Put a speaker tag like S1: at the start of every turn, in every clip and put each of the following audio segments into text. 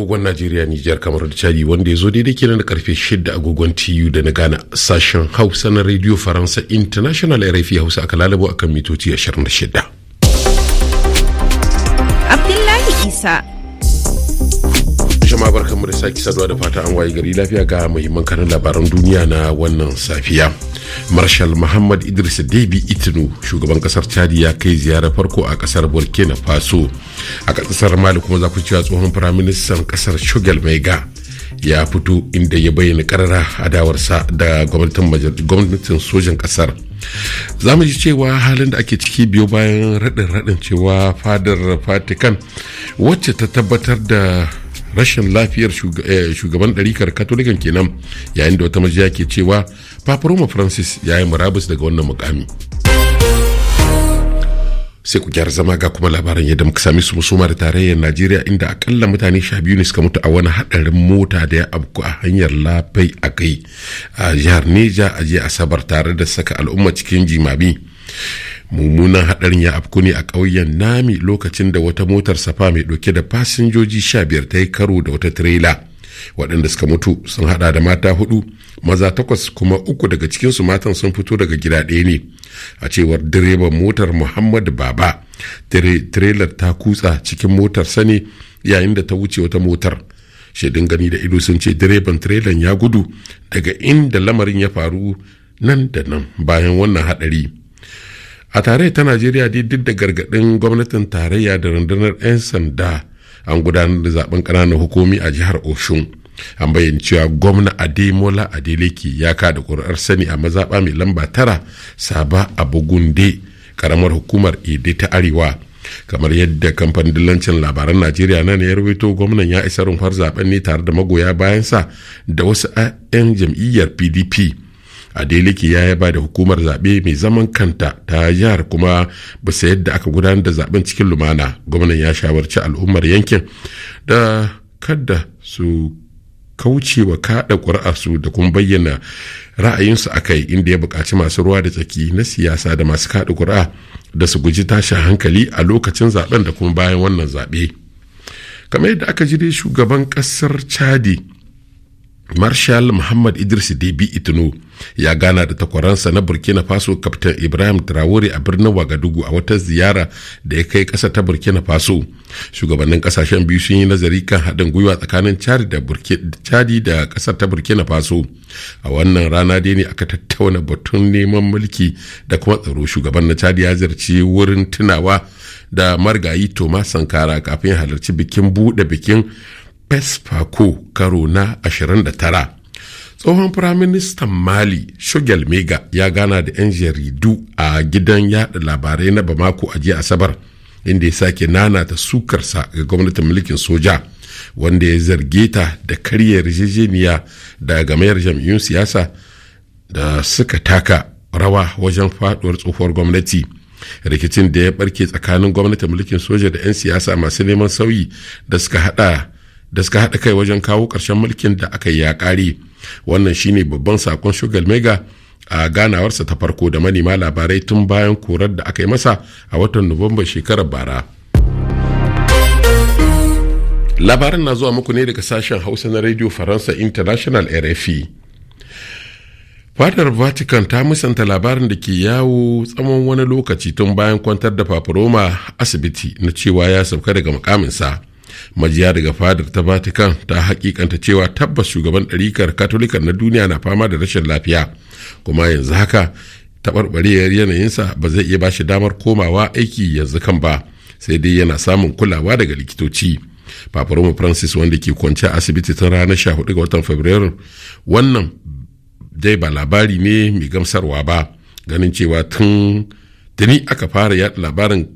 S1: agogon Najeriya Nijar kamar da Chadi wanda ya zo daidai kenan da karfe 6 agogon TU da na Ghana sashen Hausa na Radio Faransa International RFI Hausa aka lalabo akan mitoci 26. Abdullahi Isa jama'a barkanmu da sake saduwa da fata an waye gari lafiya ga muhimman kanin labaran duniya na wannan safiya marshal muhammad idris debi itinu shugaban kasar Chad ya kai ziyarar farko a kasar burkina faso a kasar mali kuma za ku cewa tsohon firaministan kasar shugal maiga ya fito inda ya bayyana karara adawarsa da gwamnatin sojan kasar za mu ji cewa halin da ake ciki biyo bayan raɗin raɗin cewa fadar vatican wacce ta tabbatar da rashin lafiyar eh, shugaban ɗarikar katolikan kenan yayin da wata majiya ke cewa papa roma francis ya yi murabus daga wannan mukami sai ku gyara zama ga kuma labaran yadda muka sami su musoma da tarayyar najeriya inda akalla mutane sha biyu ne suka mutu a wani hadarin mota da ya abu a hanyar lafai a kai a jihar neja a jiya asabar tare da saka al'umma cikin jimami mummunan hadarin ya afku ne a ƙauyen nami lokacin da wata motar safa mai ɗauke da fasinjoji sha biyar ta yi karo da wata tirela waɗanda suka mutu sun haɗa da mata hudu maza takwas kuma uku daga cikinsu matan sun fito daga gida ɗaya ne a cewar direban motar muhammad baba tirelar ta kutsa cikin motar sani yayin da ta wuce wata motar shaidun gani da ido sun ce direban tirelan ya gudu daga inda lamarin ya faru nan da nan bayan wannan haɗari a tarayya ta najeriya duk da gargadin gwamnatin tarayya da rundunar 'yan sanda an gudanar da zaben ƙananan hukumi a jihar oshun an bayyana cewa gwamna ademola adeleke ya kada kuri'ar sani a mazaba mai lamba tara saba a bugunde karamar hukumar ede ta arewa kamar yadda kamfanin dillancin labaran najeriya nan ya rubuto gwamnan ya isa rumfar zaben ne tare da magoya bayansa da wasu 'yan jam'iyyar pdp adeliki ya yaba da hukumar zaɓe mai zaman kanta ta jihar kuma bisa yadda aka gudanar da zaben cikin lumana gwamnan ya shawarci al'ummar yankin da kada su kauce wa kada ƙuri'arsu da kuma bayyana ra'ayinsu a kai inda ya buƙaci masu ruwa da tsaki na siyasa da masu kaɗa ƙuri'a da su guji tashin hankali a lokacin zaben da kuma bayan wannan zaɓe kamar yadda aka ji dai shugaban ƙasar chadi marshal muhammad idris debi itino ya gana da takwaransa na burkina faso kaptan ibrahim traore a birnin wagadugu a wata ziyara da ya kai kasa ta burkina faso shugabannin kasashen biyu sun yi nazari kan haɗin gwiwa tsakanin chadi da ƙasar ta burkina faso a wannan rana dai ne aka tattauna batun neman mulki da kuma tsaro shugaban na chadi ya zarci wurin tunawa da margayi thomas sankara kafin halarci bikin buɗe bikin pespaco karo na 29 tsohon firaministan mali shugel mega ya gana da 'yan jaridu a gidan yada labarai na bamako a jiya asabar inda ya sake nanata sukarsa ga gwamnatin mulkin soja wanda ya zarge ta da karya yarjejeniya da gamayar jam'iyyun siyasa da suka taka rawa wajen faduwar tsohuwar gwamnati rikicin da ya barke tsakanin gwamnatin mulkin soja da 'yan siyasa masu neman sauyi da suka hada da suka haɗa kai wajen kawo ƙarshen mulkin da aka yi ya ƙare wannan shine babban sakon shugal mega a ganawarsa ta farko da manema labarai tun bayan korar da aka yi masa a watan nuwamba shekarar bara labarin na zuwa muku ne daga sashen hausa na radio faransa international rfi fadar vatican ta musanta labarin da ke yawo tsawon wani lokaci tun bayan kwantar da paparoma asibiti na cewa ya sauka daga mukaminsa majiya daga fadar ta vatican ta hakikanta cewa tabbas shugaban ɗarikar katolikan na duniya na fama da rashin lafiya kuma yanzu haka taɓarɓarewar yanayinsa ba zai iya bashi damar komawa aiki yanzu kan ba sai dai yana samun kulawa daga likitoci papa francis wanda ke kwance a asibiti tun ranar 14 ga watan fabrairu wannan dai ba labari ne mai gamsarwa ba ganin cewa tun tuni aka fara yaɗa labarin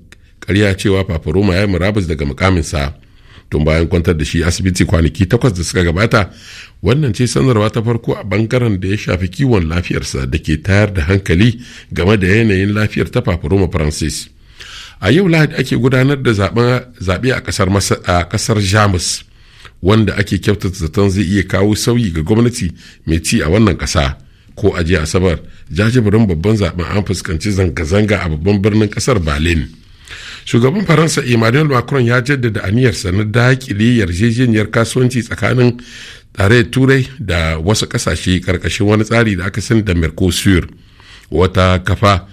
S1: karya cewa papa roma ya murabus daga mukaminsa tun bayan kwantar da shi asibiti kwanaki takwas da suka gabata wannan ce sanarwa ta farko a bangaren da ya shafi kiwon lafiyarsa da ke tayar da hankali game da yanayin lafiyar ta fafaroma francis a yau lahadi ake gudanar da zaɓe a ƙasar jamus wanda ake kyautata zaton zai iya kawo sauyi ga gwamnati mai ci a wannan ƙasa ko a jiya asabar jajibirin babban zaɓen an fuskanci zanga-zanga a babban birnin ƙasar berlin shugaban faransa emmanuel macron ya jaddada aniyarsa na dakile yarjejeniyar kasuwanci tsakanin tare turai da wasu kasashe karkashin wani tsari da aka sani da mercosur wata kafa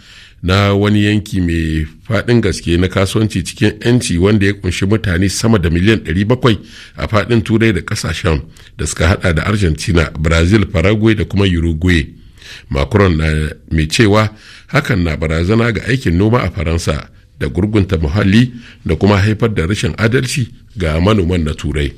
S1: na wani yanki mai faɗin gaske na kasuwanci cikin 'yanci wanda ya kunshi mutane sama da miliyan 700 a faɗin turai da kasashen da suka hada da argentina brazil paraguay da kuma uruguay macron na mai cewa hakan na barazana ga aikin noma a faransa da gurgunta muhalli da kuma haifar da rashin adalci ga manoman na turai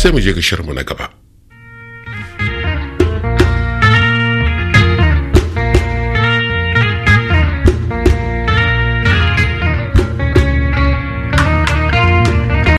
S1: sai mu je ga shirma na gaba